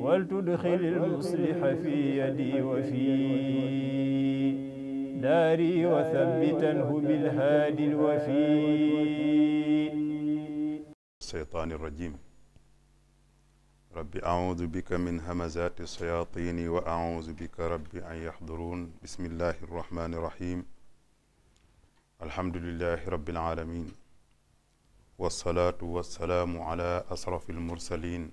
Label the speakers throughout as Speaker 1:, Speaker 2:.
Speaker 1: ولتدخل المصلح في يدي وفي داري وثبتنه بالهادي الوفي
Speaker 2: الشيطان الرجيم رب أعوذ بك من همزات الشياطين وأعوذ بك رب أن يحضرون بسم الله الرحمن الرحيم الحمد لله رب العالمين والصلاة والسلام على أشرف المرسلين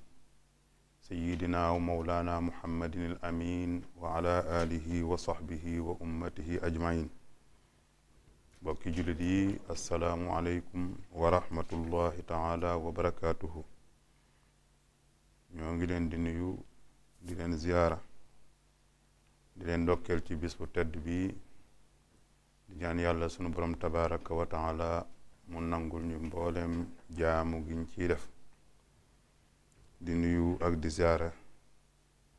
Speaker 2: sayidina wa mawlana muhammadin al amin wa ala alihi wa sahbihi wa ummatihi ajmain bokki jullit yi assalaamu aleykum wa rahmatullahi taala wa barakaatuhu ñoo ngi leen di nuyu di leen ziyaara di leen dokkeel ci bis bu bi di ñaan yàlla sunu borom tabaraka wa taala mu nangul ñu mbooleem jaamu giñ ciy def di nuyu ak di ziyaara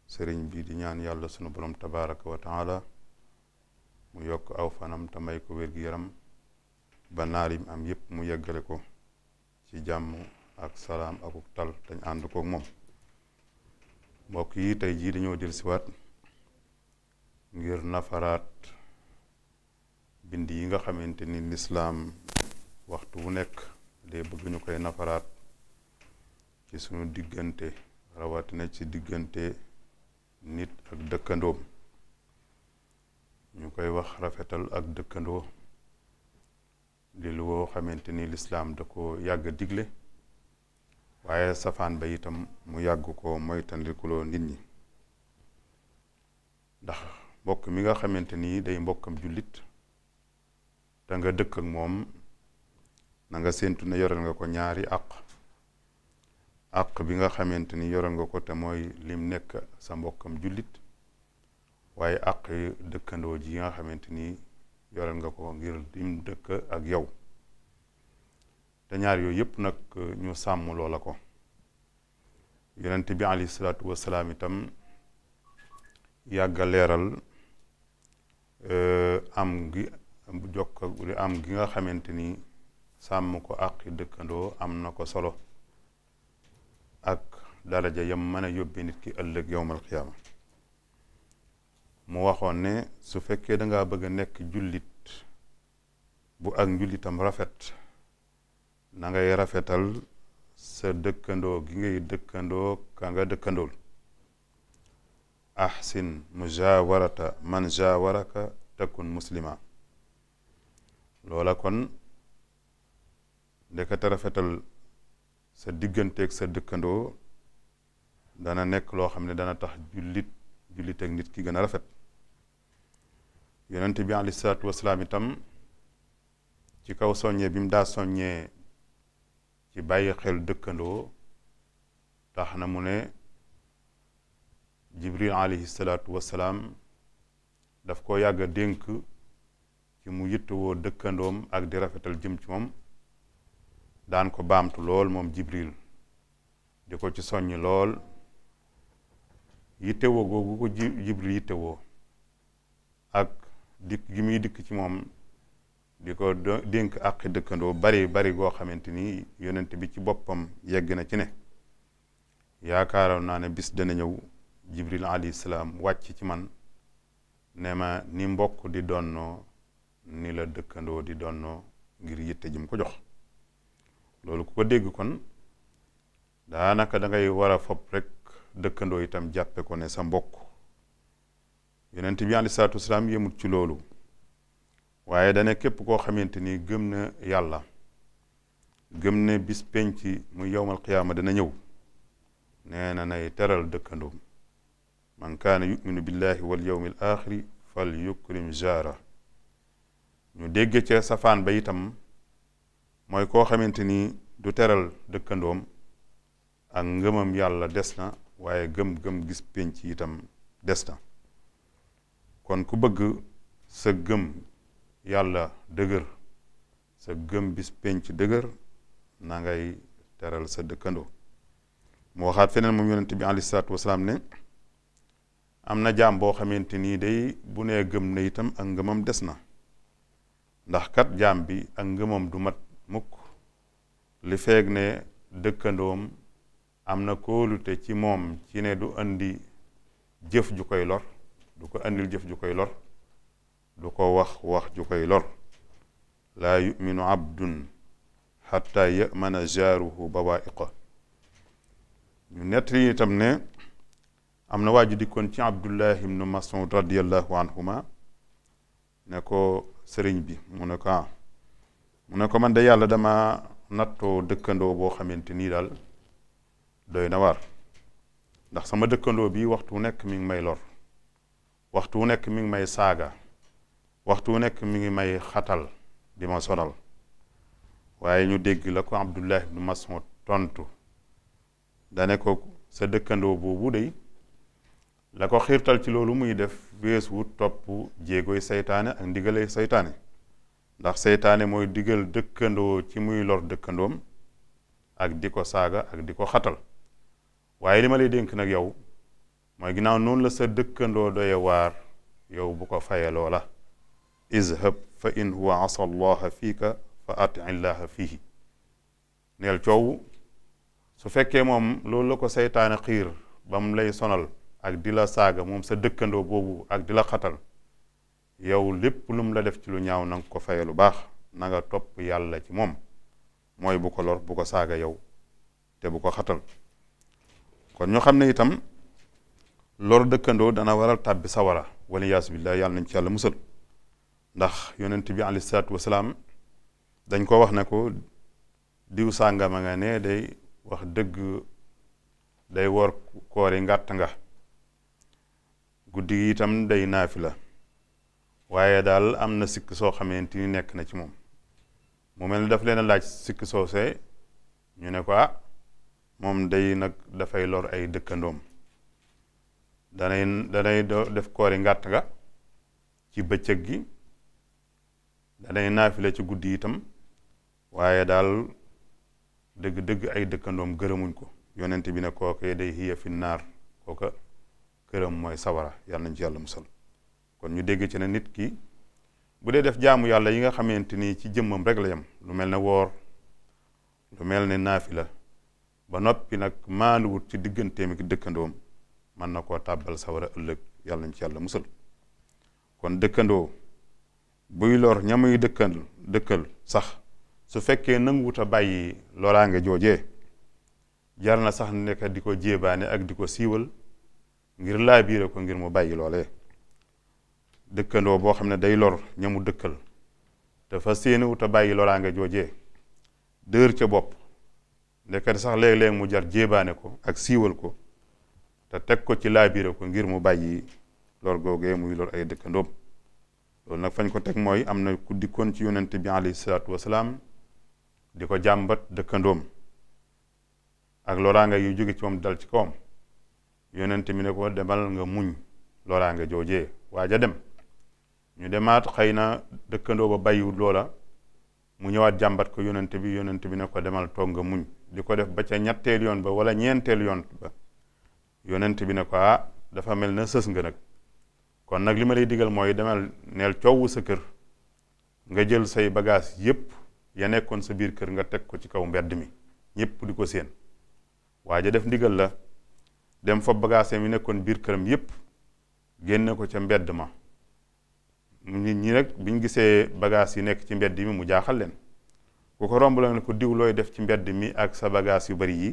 Speaker 2: sëriñ bi di ñaan yàlla sunu borom tabaraka wa taala mu yokk awfanam fanam te may ko wér yaram ba naar yim am yépp mu yeggale ko ci jàmm ak salaam akuk tal dañ ànd kook moom mbokk yi tey jii dañoo del siwaat ngir nafaraat bind yi nga xamante ni lislaam waxtu wu nekk de bëgg ñu koy nafaraat ci sunu diggante rawatina ci diggante nit ak dëkkandoom ñu koy wax rafetal ak dëkkandoo liluwoo lu woo xamante ni lislaam da ko yàgg digle waaye safaan ba itam mu yàgg ko moytandikuloo nit ñi ndax mbokk mi nga xamante ni day mbokkam jullit da nga dëkk ak moom na ne yoreel nga ko ñaari àq àq bi nga xamante ni yoroon nga ko te mooy lim nekk sa mbokkam jullit waaye àq dëkkandoo ji nga xamante ni yoroon nga ko ngir lim dëkk ak yow te ñaar yooyu yëpp nag ñu sàmm loola ko yonent bi alayhi salaatu wasalaam itam yàgga leeral e, am gi jokk am gi nga xamante ni sàmm ko àqi dëkkandoo am na ko solo daraja yam mën a yóbbi nit ki ëllëg yowmal qiyaama mu waxoon ne su fekkee danga bëgg a nekk jullit bu ak njullitam rafet na ngay rafetal sa dëkkandoo gi ngay dëkkandoo ka dëkkandool ahsin mujaawarata man jaawaraka takun muslima loola kon ndekete rafetal sa digganteeg sa dëkkandoo dana nekk loo xam ne dana tax jullit jullit ak nit ki gën a rafet yonent bi aleyhi salaatu itam ci kaw soññee bi mu daa soññee ci bàyyi xel dëkkandoo tax na mu ne jibril aleyhi salaatu daf ko yàgg a dénk ci mu yittewoo dëkkandoom ak di rafetal jëm ci moom daan ko baamtu lool moom jibril di ko ci soññ lool yittewoo googu ko jibril yittewoo ak dikk gi muy dikk ci moom di ko dénk àqi dëkkandoo bari bari goo xamante ni yonent bi ci boppam yegg na ci ne yaakaaroon naa ne bis dana ñëw jibril alayhi salaam wàcc ci man ne ma ni mbokk di donnoo ni la dëkkandoo di donnoo ngir yitte jim ko jox loolu ku ko dégg kon daanaka da ngay war a fob rek dëkkandoo itam jàppe ko ne sa mbokk yonent bi aleyhi salaatu wasalaam yemut ci loolu waaye dana képp koo xamante ni gëm na yàlla gëm na bis penc muy yowmal qiyaama dana ñëw nee na nay teral dëkkandoom man kaana yuminu billahi wal yawmil axiri fal yukrim jaara ñu dégg ca safaan ba itam mooy koo xamante ni du teral dëkkandoom ak ngëmam yàlla des na waaye gëm-gëm gis pénc itam des na kon ku bëgg sa gëm yàlla dëgër sa gëm bis pénc dëgër na ngay teral sa dëkkandoo mu waxaat feneen moom yonente bi ne am na jaam boo xamante nii day bu ne gëm na itam ak ngëmam des na ndax kat jaam bi ak ngëmam du mat mukk li feeg ne dëkkandoom am na kóolute ci moom ci ne du andi jëf ju koy lor du ko andil jëf ju koy lor du ko wax wax ju koy lor laa yuminu abdun xatta yamana jaaruhu bawaiqa ñu nettali itam ne am na waa ju dikkoon ci abdullah ibnu masud radiallahu anhuma ne ko sëriñ bi mu ne ko ah mu ne ko man de yàlla dama nattoo dëkkandoo boo xamante ni daal doy na waar ndax sama dëkkandoo bii waxtu wu nekk mi ngi may lor waxtu wu nekk mi ngi may saaga waxtu wu nekk mi ngi may xatal di ma sonal waaye ñu dégg la ko Abdullah ibnu Mas'ud tontu dane ko sa dëkkandoo boobu day la ko xiirtal ci loolu muy def wees wu topp jéegoy seytaane ak ndigalay seytaane ndax seytaane mooy digal dëkkandoo ci muy lor dëkkandoom ak di ko saaga ak di ko xatal waaye li ma lay dénk nag yow mooy ginnaaw noonu la sa dëkkandoo doye waar yow bu ko faye loola izhab fa in huwa asa allaha fiika fa ati llaha fihi neel coow su fekkee moom loolu la ko seytaane xiir ba mu lay sonal ak di la saaga moom sa dëkkandoo boobu ak di la xatal yow lépp lum la def ci lu ñaaw na ko faye lu baax nanga nga topp yàlla ci moom mooy bu ko lor bu ko saaga yow te bu ko xatal kon ñoo xam ne itam lor dëkkandoo dana waral tàbbi sawara wala yaasu billaah yàlla nañ ci yàlla musal ndax yonent bi alayhi salaatu dañ ko wax na ko diw sàngama nga ne day wax dëgg day woor koor ngàtt nga guddi gi day naafi la waaye daal am na sikk soo xamante ni nekk na ci moom mu mel ne daf leen laaj sikk soosee ñu ne ko ah moom day nag dafay lor ay dëkkandoom danay danay def koori ngàtt ga ci bëccëg gi danay naafi la ci guddi itam waaye daal dëgg-dëgg ay dëkkandoom gërëmuñ ko yonent bi ne kooke day hiya fi naar kooka këram mooy sawara yàlla nañ ci yàlla musal kon ñu dégg ci ne nit ki bu dee def jaamu yàlla yi nga xamante ni ci jëmmam rek la yam lu mel ne woor lu mel ne naafi la ba noppi nag maanuwut ci digganteem ak dëkkandoom mën na koo tàbbal sawara ëllëg yàlla nañ ci yàlla musal kon dëkkandoo buy lor ñamuy dëkkal dëkkal sax su fekkee nanguwut a bàyyi loraange joojee jar na sax nekk di ko jéebaane ak di ko siiwal ngir laa ko ngir mu bàyyi loole dëkkandoo boo xam ne day lor ñamu dëkkal dafa fas yéene wut a bàyyi loraange joojee dër ca bopp ndekete sax léeg-léeg mu jar jéebaane ko ak siiwal ko te teg ko ci laabire ko ngir mu bàyyi lor googee muy lor ay dëkkandoom lool nag fañ ko teg mooy am na ku dikkoon ci yonent bi alayhi salaatu wasalaam di ko jàmbat dëkkandoom ak loraanga yu jóge ci moom dal ci kawam yonent mi ne ko demal nga muñ loraanga joojee waaja dem ñu demaat xëy na dëkkandoo ba bàyyiwut loola mu ñëwaat jàmbat ko yonent bi yonent bi ne ko demal toog nga muñ di ko def ba ca ñetteel yoon ba wala ñeenteel yoon ba yonent bi ne ko ah dafa mel na sës nga nag kon nag li ma lay digal mooy demal neel coowu sa kër nga jël say bagage yépp ya nekkoon sa biir kër nga teg ko ci kaw mbedd mi ñépp di ko séen waa ja def ndigal la dem fa bagage mi nekkoon biir këram yépp génne ko ca mbedd ma nit ñi nag biñ gisee bagage yi nekk ci mbedd mi mu jaaxal leen ku ko romb la ne ko diw def ci mbedd mi ak sa bagage yu bari yi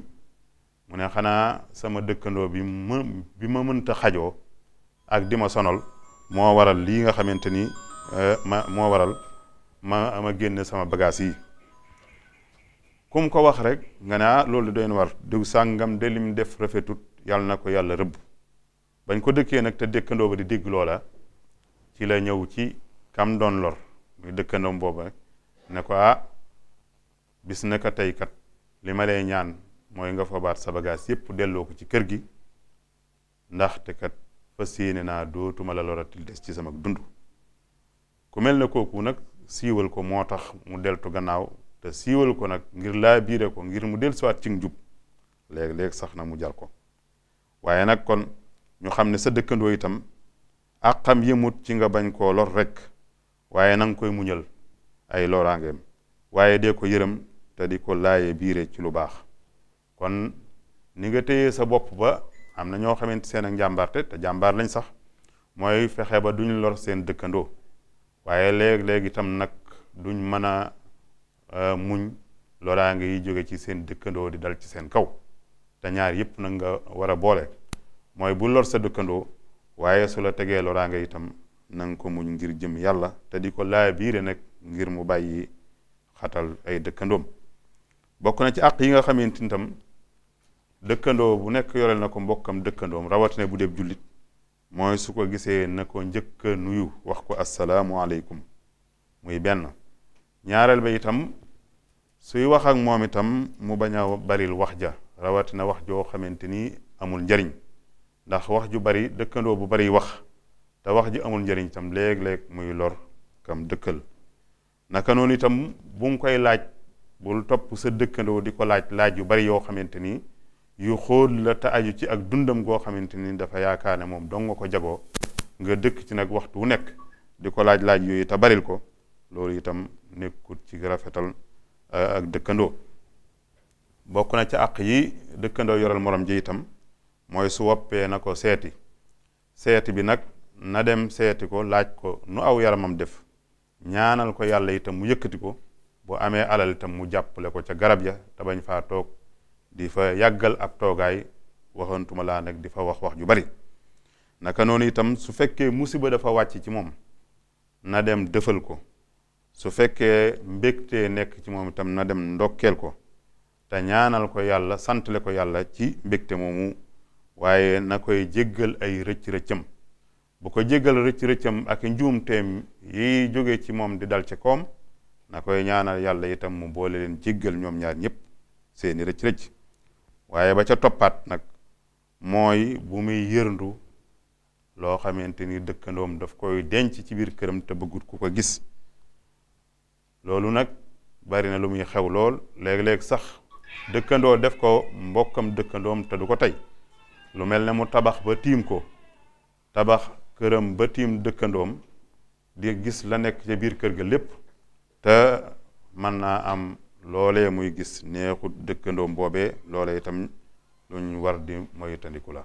Speaker 2: mu ne xanaa sama dëkkandoo bi ma bi ma xajoo ak di ma sonal moo waral lii nga xamante ni eh, ma moo waral ma ma génne sama bagage yi kum ko wax rek nga naa ah loolu doy na war diw sàngam de lim def rafetut yàlla na ko yàlla rëbb bañ ko dëkkee nag te dëkkandoo ba di dégg loola ci la ñëw ci kam doon lor muy dëkkandoom boobu ne ko ah bis naka tey kat li ma ñaan mooy nga fabaat sa bagage yépp delloo ko ci kër gi ndaxte kat fas yéene naa dootuma la loratil des ci sama dund ku mel ne kooku nag siiwal ko moo tax mu deltu gannaaw te siiwal ko nag ngir laa biire ko ngir mu del siwaat ci njub léeg-léeg sax na mu jal ko waaye nag kon ñu xam ne sa dëkkandoo itam ak xam yëmut ci nga bañ koo lor rek waaye nang nga koy muñal ay loraangeem waaye dee ko yërëm te di ko laaye biire ci lu baax kon ni nga téye sa bopp ba am na ñoo xamante seen ak njàmbaarte te jàmbaar lañ sax mooy fexe ba duñ lor seen dëkkandoo waaye léeg-léeg tam nag duñ mën a e, muñ loraa ngi jóge ci seen dëkkandoo di dal ci seen kaw te ñaar yëpp nag nga war a boole mooy bu lor sa dëkkandoo waaye su la tegee loraa nga itam na ko muñ ngir jëm yàlla te di ko laa biire nag ngir mu bàyyi xatal ay dëkkandoom bokk na ci àq yi nga xamante ni tam dëkkandoo bu nekk yoreel na ko mbokk mbokkam dëkkandoom rawatina bu deb jullit mooy su ko gisee na ko njëkk nuyu wax ko asalaamualeykum muy benn ñaareel ba itam suy wax ak moom itam mu bañ a baril wax ja rawatina wax joo xamante ni amul njariñ ndax wax ju bari dëkkandoo bu bari wax te wax ji amul njariñ tam léeg-léeg muy lor kam dëkkal naka noonu itam bu koy laaj bul topp sa dëkkandoo di ko laaj laaj yu bari yoo xamante ni yu xool la te aju ci ak dundam goo xamante ni dafa yaakaar ne moom dong ko jagoo nga dëkk ci nag waxtu wu nekk di ko laaj laaj yooyu te baril ko loolu itam nekkut ci rafetal eh, ak dëkkandoo bokk na ci àq yi dëkkandoo yoral morom ji itam mooy su woppee na ko seeti seeti bi nag na dem seeti ko laaj ko nu aw yaramam def ñaanal ko yàlla itam mu yëkkati ko bu amee alal itam mu jàppale ko ca garab ja te bañ faa toog di fa yàggal ab toogaay waxantuma laa nag di fa wax wax ju bari naka noonu itam su fekkee musiba dafa wàcc ci moom na dem dëfal ko su fekkee mbégtee nekk ci moom itam na dem ndokkeel ko te ñaanal ko yàlla santale ko yàlla ci mbégte moomu waaye na koy jéggal ay rëcc-rëccam bu ko jéggal rëcc-rëccam ak njuumteem yi jóge ci moom di dal ci koom na koy ñaanal yàlla itam mu boole leen jéggal ñoom ñaar ñëpp seeni rëcc-rëcc waaye ba ca toppaat nag mooy bu muy yërndu loo xamante ni dëkkandoom daf koy denc ci biir këram te bëggut ku ko gis loolu nag bari na lu muy xew lool léeg-léeg sax dëkkandoo def ko mbokkam dëkkandoom te du ko tey lu mel ne mu tabax ba tiim ko tabax këram ba tiim dëkkandoom di gis la nekk ci biir kër ga lépp te mën naa am loole muy gis neexut dëkkandoom boobee loolee itam ñu war di moytandiku la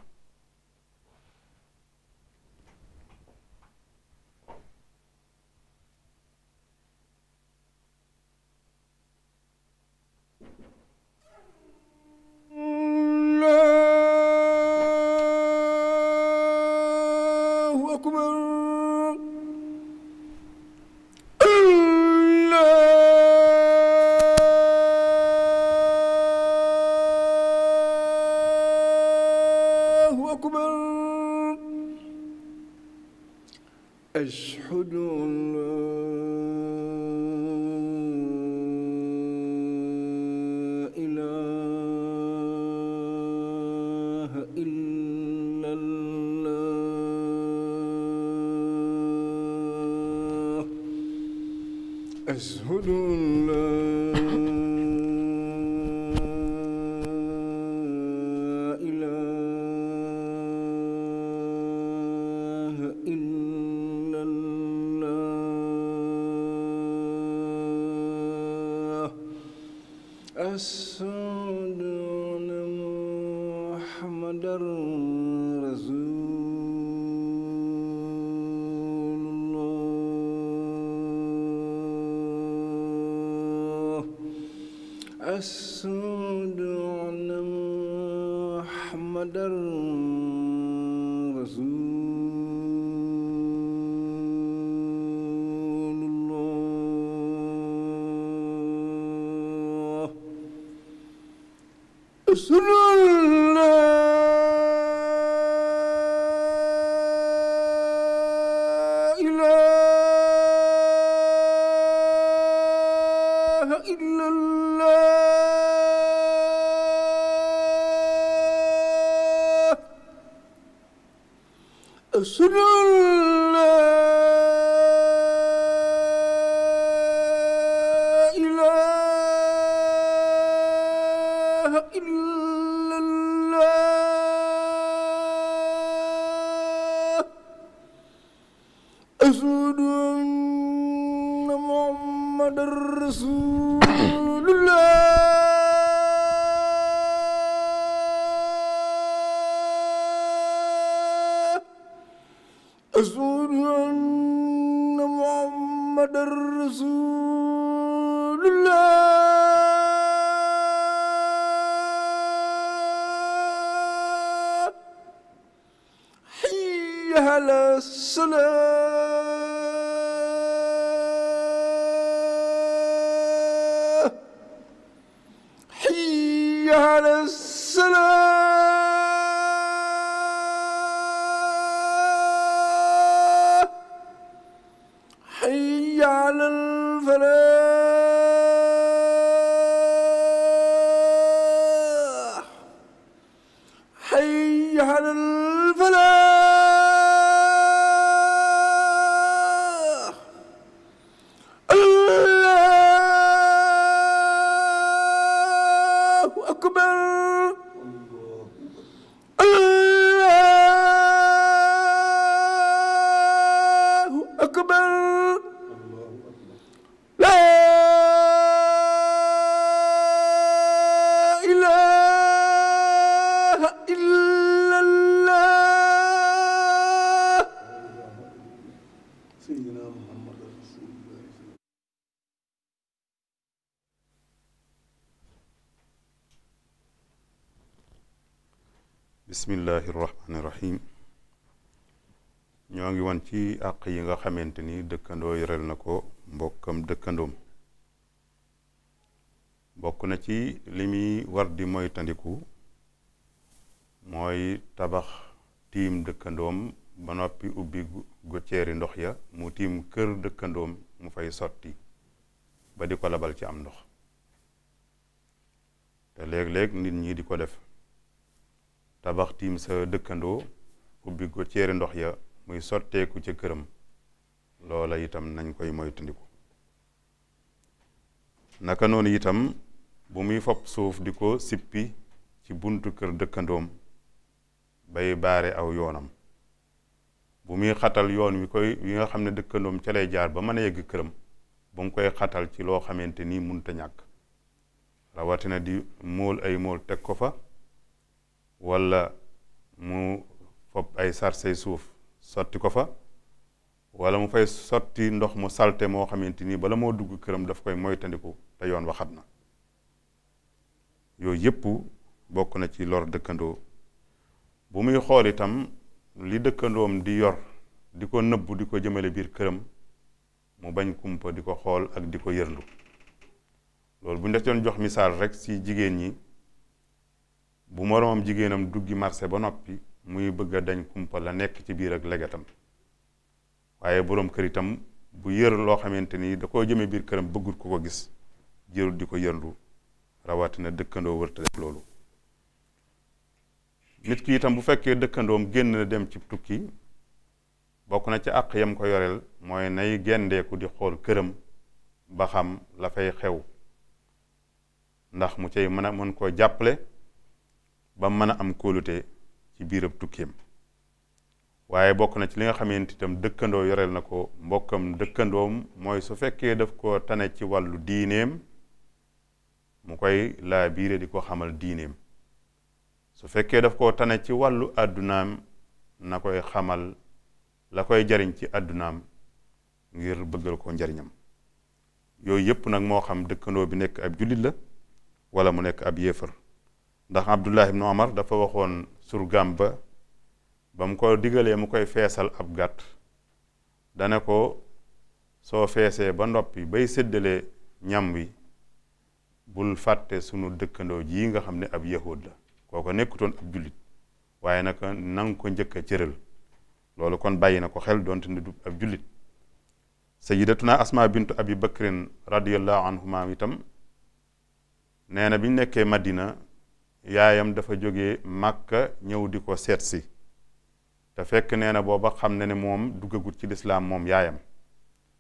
Speaker 3: أشهد أن محمدا رسول الله أشهد fala
Speaker 2: àq yi nga xamante ni dëkkandoo yoreel na ko mbokkam dëkkandoom bokk na ci li muy war di moytandiku mooy tabax tiim dëkkandoom ba noppi ubbi gouttière ndox ya mu tiim kër dëkkandoom mu fay sotti ba di ko labal ci am ndox te léeg-léeg nit ñi di ko def tabax tiim sa dëkkandoo ubbi gouttière ndox ya muy sotteeku ca këram loola itam nañ koy moytandiku naka noonu itam bu muy fopp suuf di ko sippi ci buntu kër dëkkandoom bay baare aw yoonam bu muy xatal yoon wi koy wi nga xam ne dëkkandoom ca lay jaar ba mën a yegg këram bu mu koy xatal ci loo xamante ni munta ñàkk rawatina di mool ay mool teg ko fa walla mu fopp ay sarsay suuf sotti ko fa walla mu fay sotti ndox mu salte moo xamante ni bala moo dugg këram daf koy moytandiku te yoon waxat na yooyu yëpp bokk na ci lor dëkkandoo bu muy xool itam li dëkkandoom di yor di ko nëbbu di ko jëmale biir këram mu bañ kumpa di ko xool ak di ko yërlu loolu bu ñu doon jox misaal rek si jigéen ñi bu moroomam jigéenam duggi marché ba noppi muy bëgg a dañ kumpa la nekk ci biir ak legetam waaye boroom kër itam bu yër loo xamante ni da koo jëmee biir këram bëggul ko ko gis jërul di ko yëndu rawatina dëkkandoo wërta def loolu nit ki itam bu fekkee dëkkandoom génn na dem ci tukki bokk na ci àq yam ko yoreel mooy nay gendeeku di xool këram ba xam la fay xew ndax mu cay mën a mën koo jàppale ba mën a am kóolute ci biirab tukkeem waaye bokk na ci li nga xamante itam dëkkandoo yoreel na ko mbokkam dëkkandoom mooy su fekkee daf ko tane ci wàllu diineem mu koy laa biire di ko xamal diineem su fekkee daf ko tane ci wàllu àddunaam na koy xamal la koy jariñ ci àddunaam ngir bëggal ko njariñam yooyu yépp nag moo xam dëkkandoo bi nekk ab jullit la wala mu nekk ab yéefar ndax Abdullah ibnu Omar dafa waxoon surgaam ba ba mu ko digalee mu koy feesal ab gàtt dana ko soo feesee ba noppi bay seddale ñam wi bul fàtte sunu dëkkandoo ji nga xam ne ab yahud la kooko nekkutoon ab jullit waaye nag nang ko njëkk a loolu kon bàyyi na ko xel doonte ne du ab jullit sayidatuna asma bintu abi bakrin radiallahu anhuma itam nee na biñ nekkee madina yaayam dafa jóge màkka ñëw di ko seet si te fekk nee na booba xam na ne moom duggagut ci lislaam moom yaayam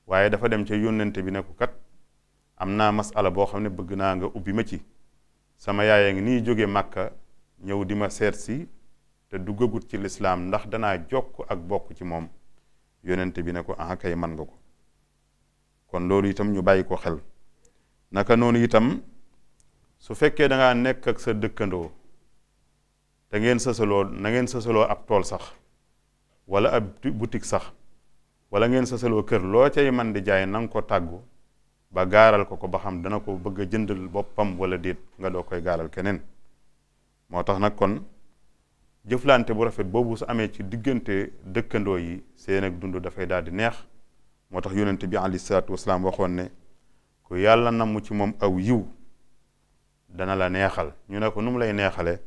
Speaker 2: waaye dafa dem ca yónnante bi ne ko kat am naa masala boo xam ne bëgg naa nga ubbi ma ci sama yaaya ngi nii jóge màkka ñëw di ma seet si te duggagut ci lislaam ndax danaa jokk ak bokk ci moom yónnante bi ne ko ah kay man nga ko kon loolu itam ñu bàyyi ko xel naka noonu itam su fekkee dangaa nekk ak sa dëkkandoo da ngeen sësaloo na ngeen sësaloo ab tool sax wala ab boutique sax wala ngeen sësaloo kër loo cay man di jaay na nga ko tàggu ba gaaral ko ko ba xam dana ko bëgg jëndal boppam wala déet nga doo koy gaaral keneen moo tax nag kon jëflante bu rafet boobu su amee ci diggante dëkkandoo yi seen ak dund dafay daal di neex moo tax yonent bi alayhi salaatu wasalaam waxoon ne ku yàlla na mu ci moom aw yiw dana la neexal ñu ne ko nu lay neexale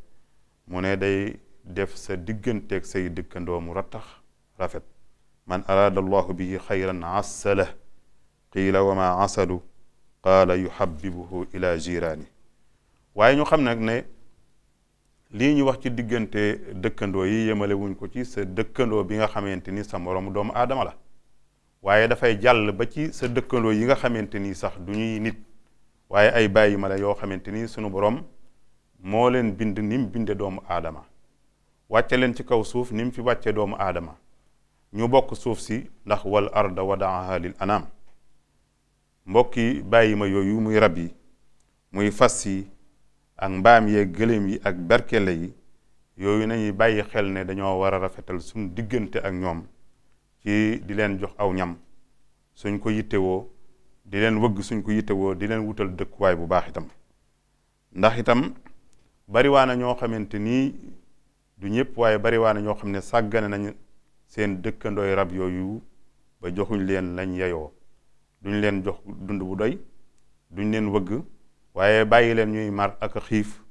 Speaker 2: mu ne day def sa digganteeg say dëkkandoo mu rattax rafet man araada allahu bihi xayran assala qiila wa ma asadu qaala yuhabibuhu ila jiraani waaye ñu xam nag ne lii ñu wax ci diggante dëkkandoo yi yemale wuñ ko ci sa dëkkandoo bi nga xamante ni sa moromu doomu aadama la waaye dafay jàll ba yi nga xamante ni sax du ñuy nit waaye ay bàyyi ma la yoo xamante ni sunu borom moo leen bind ni mu binde doomu aadama wàcce leen ci kaw suuf ni mu fi wàcce doomu aadama ñu bokk suuf si ndax wal arda wadaaha lil anam mbokki bàyyi ma yooyu muy rab yi muy fas yi ak mbaam yeeg gëléem yi ak berkele yi yooyu nañuy bàyyi xel ne dañoo war a rafetal suñ diggante ak ñoom ci di leen jox aw ñam suñ ko yittewoo di leen wëgg suñ ko yittewoo di leen wutal dëkkuwaay bu baax itam ndax itam bariwaa na ñoo xamante ni du ñëpp waaye bariwaa na ñoo xam ne sàggane nañ seen dëkkandooy rab yooyu ba joxuñ leen lañ yeyoo duñ leen jox dund bu doy duñ leen wëgg waaye bàyyi leen ñuy mar ak xiif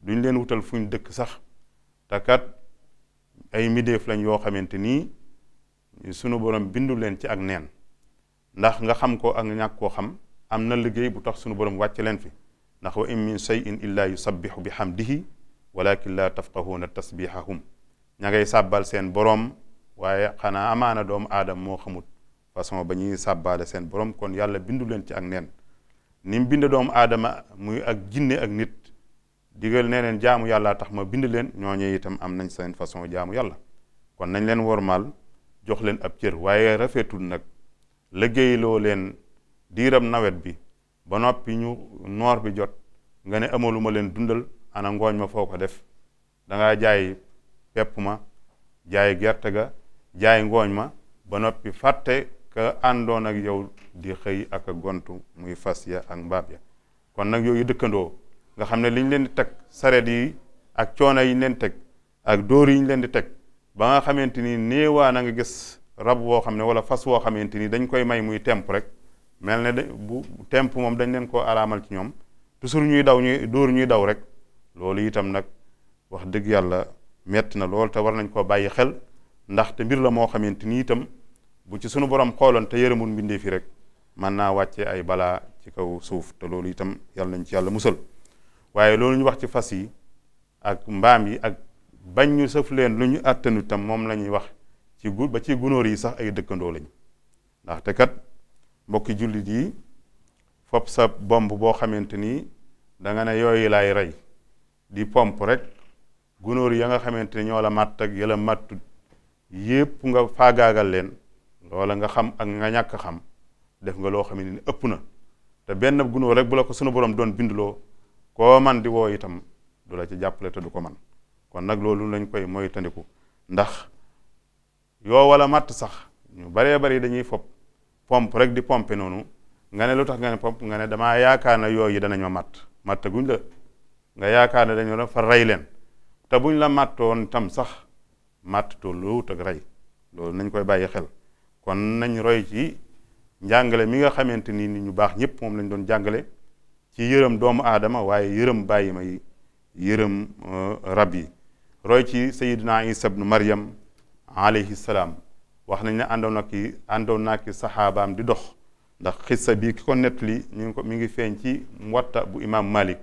Speaker 2: duñ leen wutal fuñ dëkk sax te ay mideef lañ yoo xamante ni sunu borom bindu leen ci ak neen ndax nga xam ko ak nga ñàkk koo xam am na liggéey bu tax sunu borom wàcc leen fi ndax wa in min shay'in illaa yusabbihu bi wala hamdihi walakin la tafqahuuna tasbihahum ña ngay sàbbal seen boroom waaye xanaa amaana doomu aadama moo xamut façon ba ñuy sàbbaale seen borom kon yàlla bindu leen ci ak neen ni mu bind doomu aadama muy ak jinne ak nit digal nee neen jaamu yàlla tax ma bind leen ñooñu itam am nañ seen façon jaamu yàlla kon nañ leen wormaal jox leen ab cër waaye rafetul nag liggéeyloo leen diiram nawet bi ba noppi ñu noor bi jot nga ne amaluma leen dundal ana ngooñ ma foo ko def danga jaay pepp ma jaay gerte ga jaay ngooñ ma ba noppi fàtte ka àndoon ak yow di xëy ak gont gontu muy fas ya ak mbaab ya kon nag yooyu dëkkandoo nga xam ne liñ leen di teg saret yi ak coono yiñ leen teg ak dóor yiñ leen di teg ba nga xamante ni néewaa na nga gis rab woo xam ne wala fas woo xamante ni dañ koy may muy temp rek mel ne de bu temp moom dañ leen koo araamal ci ñoom toujours ñuy daw ñuy dóor ñuy daw rek loolu itam nag wax dëgg yàlla metti na lool te war nañ koo bàyyi xel ndax te mbir la moo xamante ni itam bu ci sunu borom xooloon te yërëmul mbindee fi rek mën naa wàcce ay balaa ci kaw suuf te loolu itam yàlla nañ ci yàlla musal waaye loolu ñu wax ci fas yi ak mbaam yi ak bañ ñu sëf leen lu ñu àttanu tam moom la ñuy wax ci gu ba ci gunóor yi sax ay dëkkandoo lañ ndaxte kat mbokki jullit yi fopp sa bomb boo xamante ni da ne yooyu laay rey di pomp rek gunóor ya nga xamante ni ñoo la màtt ak ya la yépp nga faagaagal leen loola nga xam ak nga ñàkk xam def nga loo xamante ni ëpp na te benn gunóor rek bu la ko sunu borom doon binduloo koo man di woo itam du la ci jàppale te du ko man kon nag loolu lañ koy moytandiku ndax yoo wala matt sax ñu baree bari dañuy fopp pompe rek di pompe noonu nga ne lu tax nga ne pomp nga ne damaa yaakaar ne yooyu danañ ma matt matt guñ la nga yaakaar ne dañoo fa rey leen te buñ la mattoon tam sax matt tolluwut ak rey loolu nañ koy bàyyi xel kon nañ roy ci njàngale mi nga xamante ni nit ñu baax ñëpp moom lañ doon jàngale ci yërëm doomu aadama waaye yërëm bàyyi may yërëm euh, rab yi roy ci sayidina isa ibnu maryam alayhi salaam wax nañ ne àndoon ak ki àndoon naa ki saxaabaam di dox ndax xissa bii ki ko nettali ñu ngi ko mi ngi feeñ ci muwatta bu imaam malik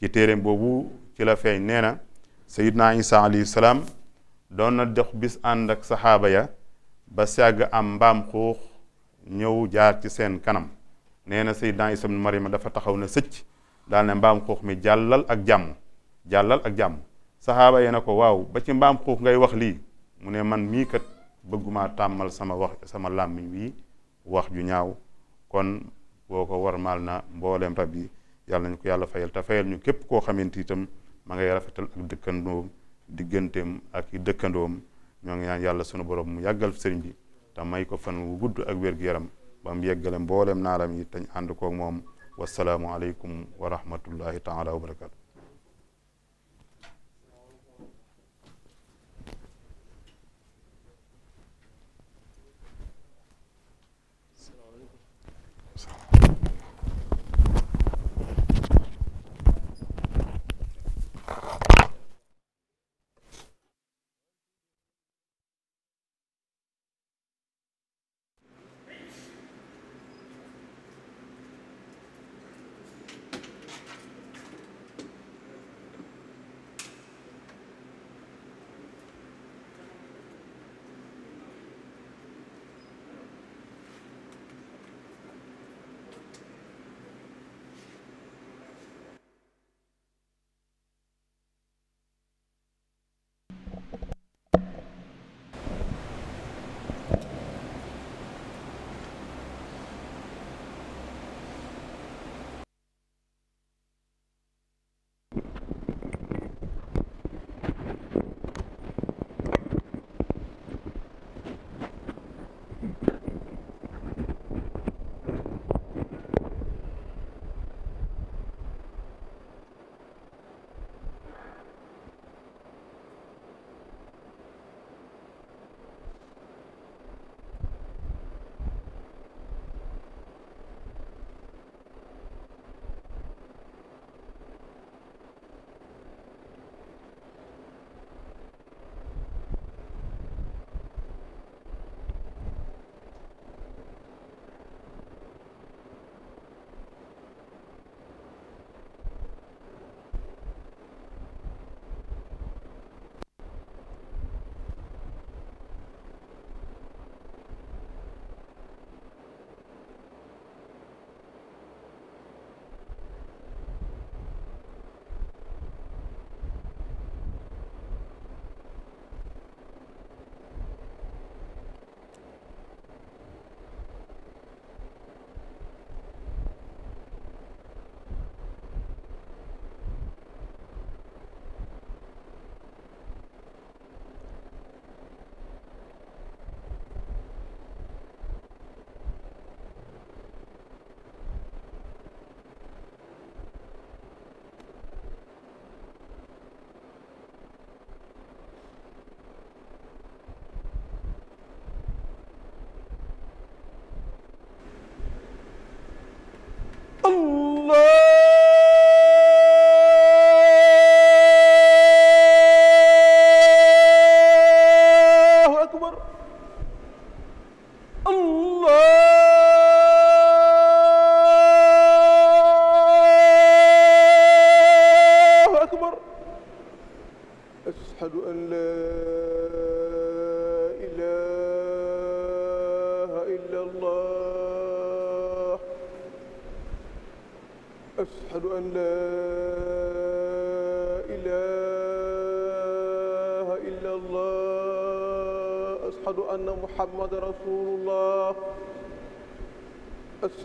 Speaker 2: ci téere boobu ci la feeñ nee na sayidna isa alayhi salaam doon na dox bis ànd ak saxaaba ya ba sàgg am mbaam xuux ñëw jaar ci seen kanam nee na sayidna isa ibn mariama dafa taxaw na sëcc daal ne mbaam xuux mi jàllal ak jàmm jàllal ak jàmm saxaaba ya ne ko waaw ba ci mbaam xuux ngay wax lii mu ne man mii kat bëgguma tàmmal sama wax sama làmmiñ wi wax ju ñaaw kon boo ko war maal na mbooleem rab yi yàlla nañ ko yàlla fayal te fayal ñu képp koo xamante itam ma ngay rafetal ak dëkkandoom digganteem ak i dëkkandoom ñoo ngi ñaan yàlla sunu borom mu yàggal sëriñ bi te may ko fan wu gudd ak wér yaram ba mu yeggale mbooleem naalam yi tañ ànd kook moom wasalaamualeykum wa rahmatullahi taala wa barakaatu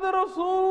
Speaker 4: محمد رسول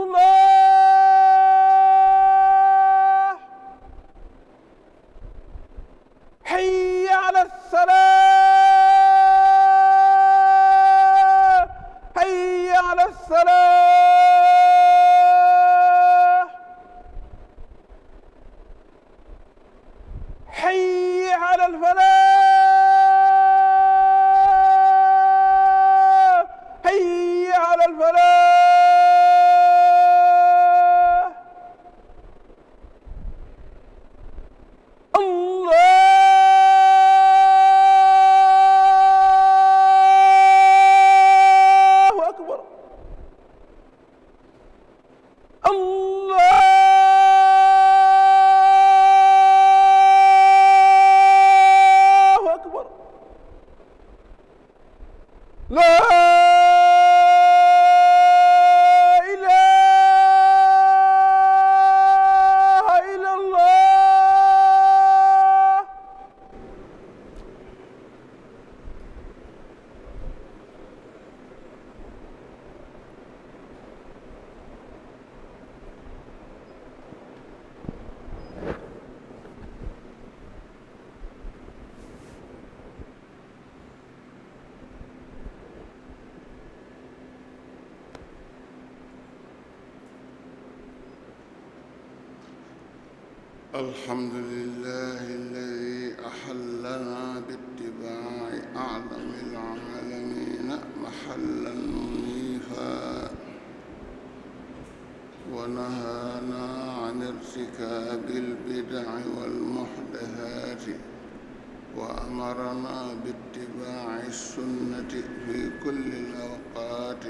Speaker 1: باتباع السنة في كل الأوقات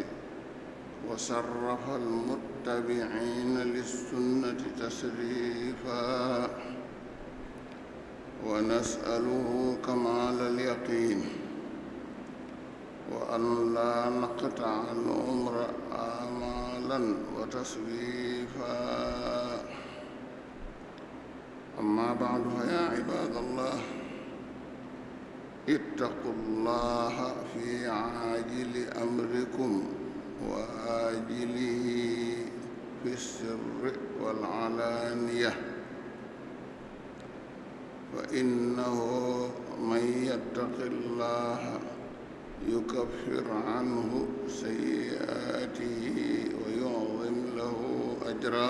Speaker 1: وصرف المتبعين للسنة تسريفا ونسأله كمال اليقين وأن لا نقطع العمر آمالا وتسويفا أما بعد فيا عباد الله ittaqu llaha fi aajili amrikum wa aajilihi fi sirri wal alaaniya fa innahu man yattaqi llaha yukaffir anhu sayyi'aatihi wa yu'zim lahu ajra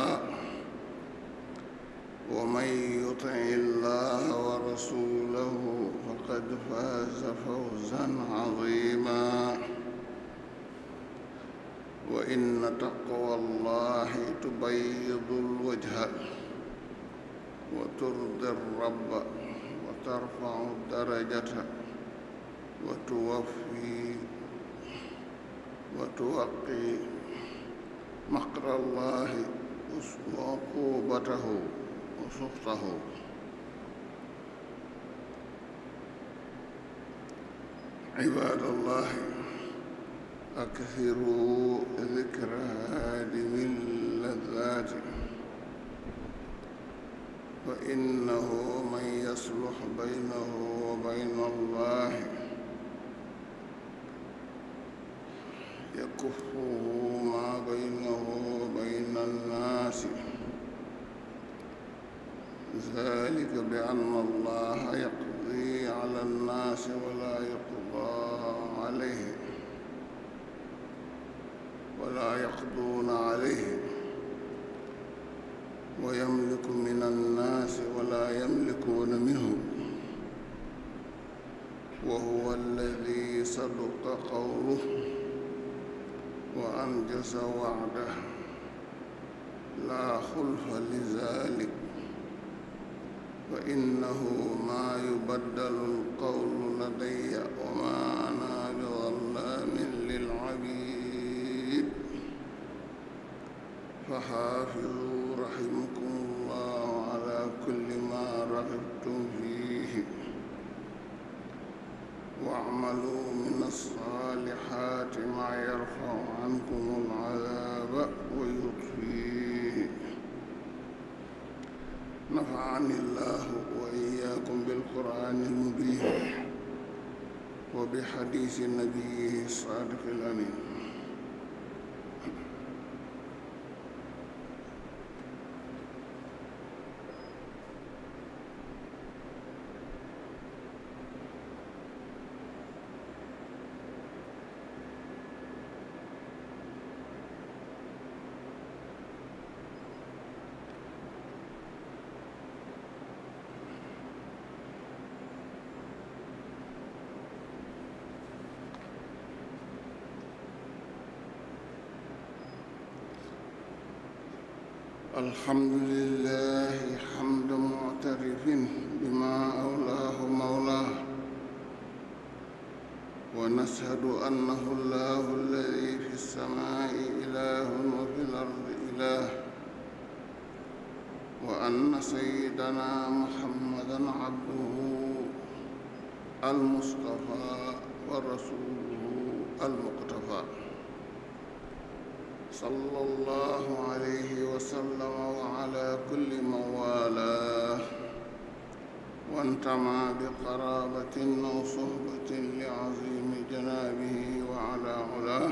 Speaker 1: ومن يطع الله ورسوله فقد فاز فوزا عظيما وإن تقوى الله تبيض الوجه وترضي الرب وترفع الدرجة وتوفي وتوقي مقر الله وعقوبته فقه عباد الله أكثروا ذكر هادم اللذات فإنه من يصلح بينه وبين الله يكفه ذلك بأن الله يقضي على الناس وال حافظوا رحمكم الله على كل ما رغبتم فيه واعملوا من الصالحات ما يرفع عنكم العذاب ويطفيه نفعني الله وإياكم بالقرآن المبين وبحديث نبيه الصادق الأمين الحمد لله حمد معترف بما أولاه مولاه ونشهد أنه الله الذي في السماء إله وفي الأرض إله وأن سيدنا محمدا عبده المصطفى ورسوله المقتفى صلى الله عليه وسلم وعلى كل من والاه وانتمى بقرابة أو صحبة لعظيم جنابه وعلى علاه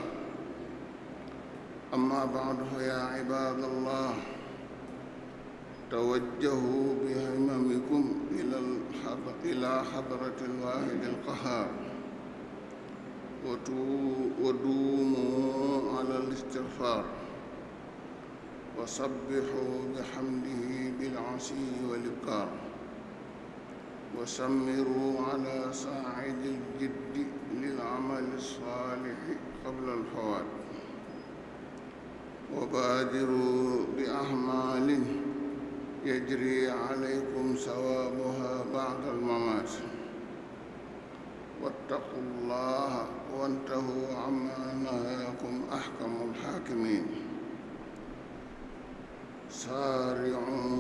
Speaker 1: أما بعد يا عباد الله توجهوا بهممكم إلى حضرة الواحد القهار wa duumu ala al-istighfar wa sabbihu bihamdihi bil-'ashiyyi wal-ibkar wa sammiru ala saa'idi al-jiddi lil-'amali as-saalihi qabla al-fawaat wa baadiru bi-a'maalin yajri 'alaykum sawaabuha ba'da al-mamaat واتقوا الله وانتهوا عما نهاكم أحكم الحاكمين سارعوا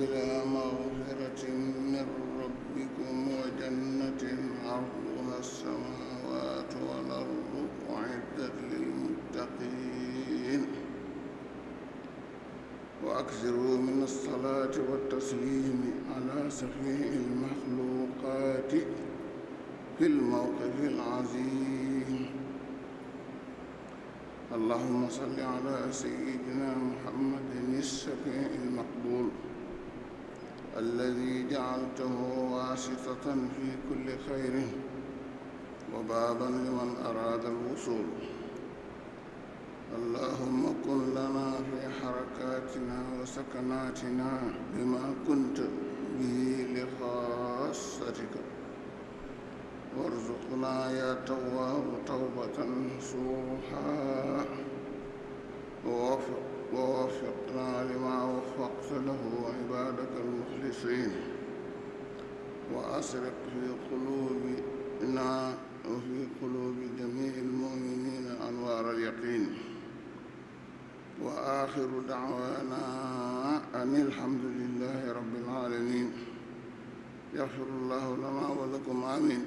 Speaker 1: إلى مغفرة من ربكم وجنة عرضها السماوات والأرض أعدت للمتقين وأكثروا من الصلاة والتسليم على سفيه المخلوقات في الموقف العظيم اللهم صل على سيدنا محمد الشفيع المقبول الذي جعلته واسطة في كل خير وبابا لمن أراد الوصول اللهم كن لنا في حركاتنا وسكناتنا بما كنت به لخاصتك وارزقنا يا تواب توبة نصوحا ووفقنا لما وفقت له عبادك المخلصين وأسرق في قلوبنا وفي قلوب جميع المؤمنين أنوار اليقين وآخر دعوانا أن الحمد لله رب العالمين يغفر الله لنا ولكم آمين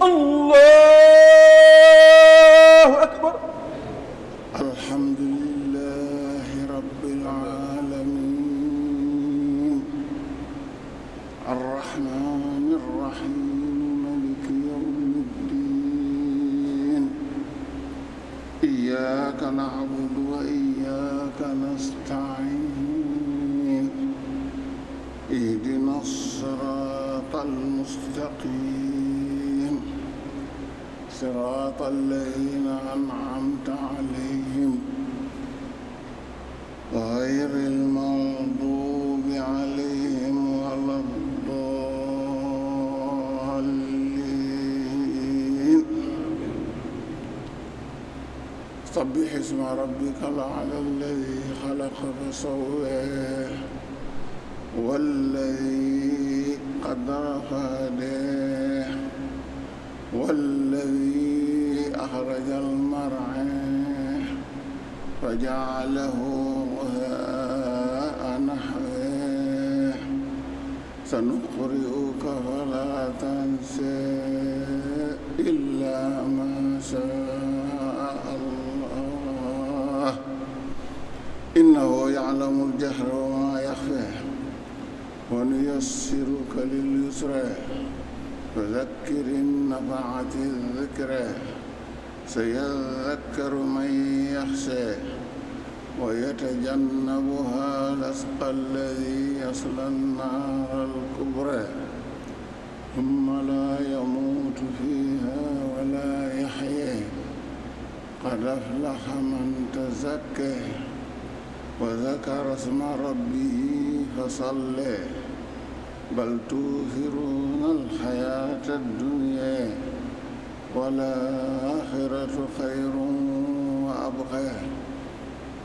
Speaker 3: Allah
Speaker 1: اسم ربك الأعلى الذي خلق فسوى والذي قدر فهداه والذي أخرج المرعى فجعله غثاء نحوه سنقرئك فلا تنسى إلا ما شاء إنه يعلم الجهر وما يخفى ونيسرك لليسرى فذكر إن نفعت الذكرى سيذكر من يخشى ويتجنبها الأسقى الذي يصلى النار الكبرى ثم لا يموت فيها ولا يحيى قد أفلح من تزكى وذكر اسم ربه فصلى بل توثرون الحياة الدنيا والآخرة خير وأبقى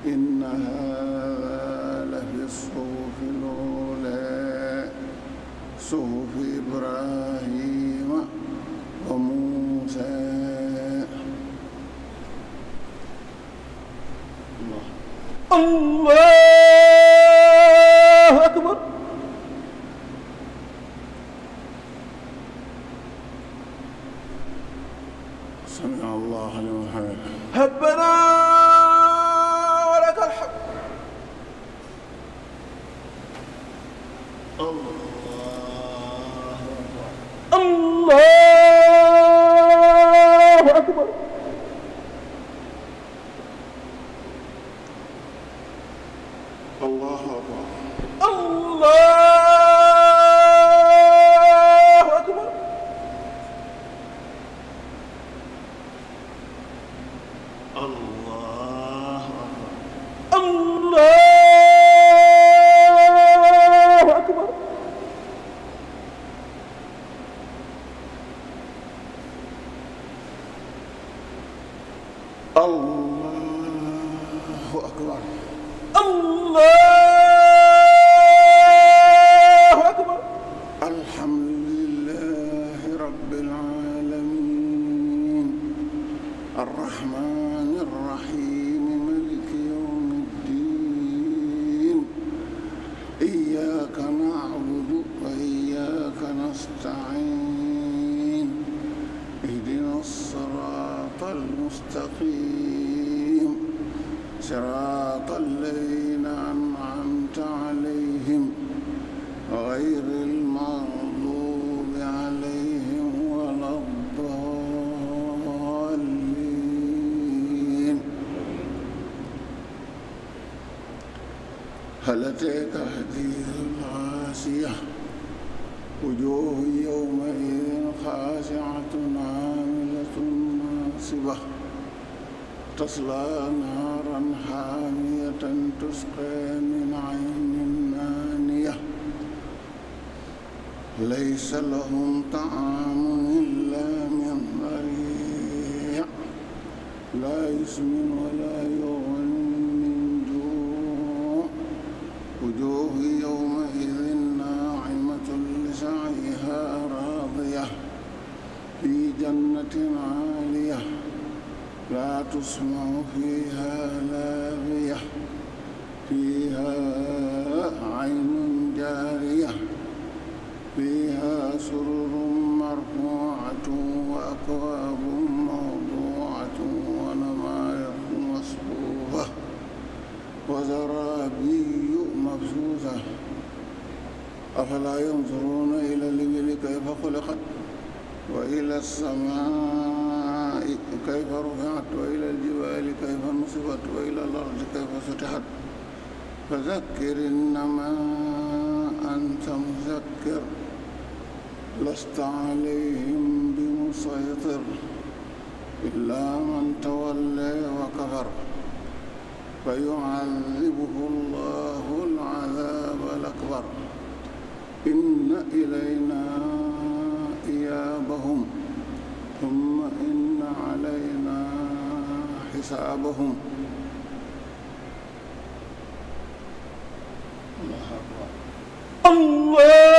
Speaker 1: إن هذا لفي الصحف الأولى صحف إبراهيم وموسى
Speaker 3: Allah
Speaker 1: ليس لهم طعام إلا من ضريع لا يسمن ولا يغني من جوع وجوه يومئذ ناعمة لسعيها راضية في جنة عالية لا تسمع فيها لاغية فيها عين جاريه فيها سرر مرفوعة وأكواب موضوعة ونمارق مصفوفة وزرابي مبثوثة أفلا ينظرون إلى الإبل كيف خلقت وإلى السماء كيف رفعت وإلى الجبال كيف نصبت وإلى الأرض كيف سطحت فذكر إنما أنت مذكر لست عليهم بمسيطر إلا من تولي وكفر فيعذبه الله العذاب الأكبر إن إلينا إيابهم ثم إن علينا حسابهم الله أكبر الله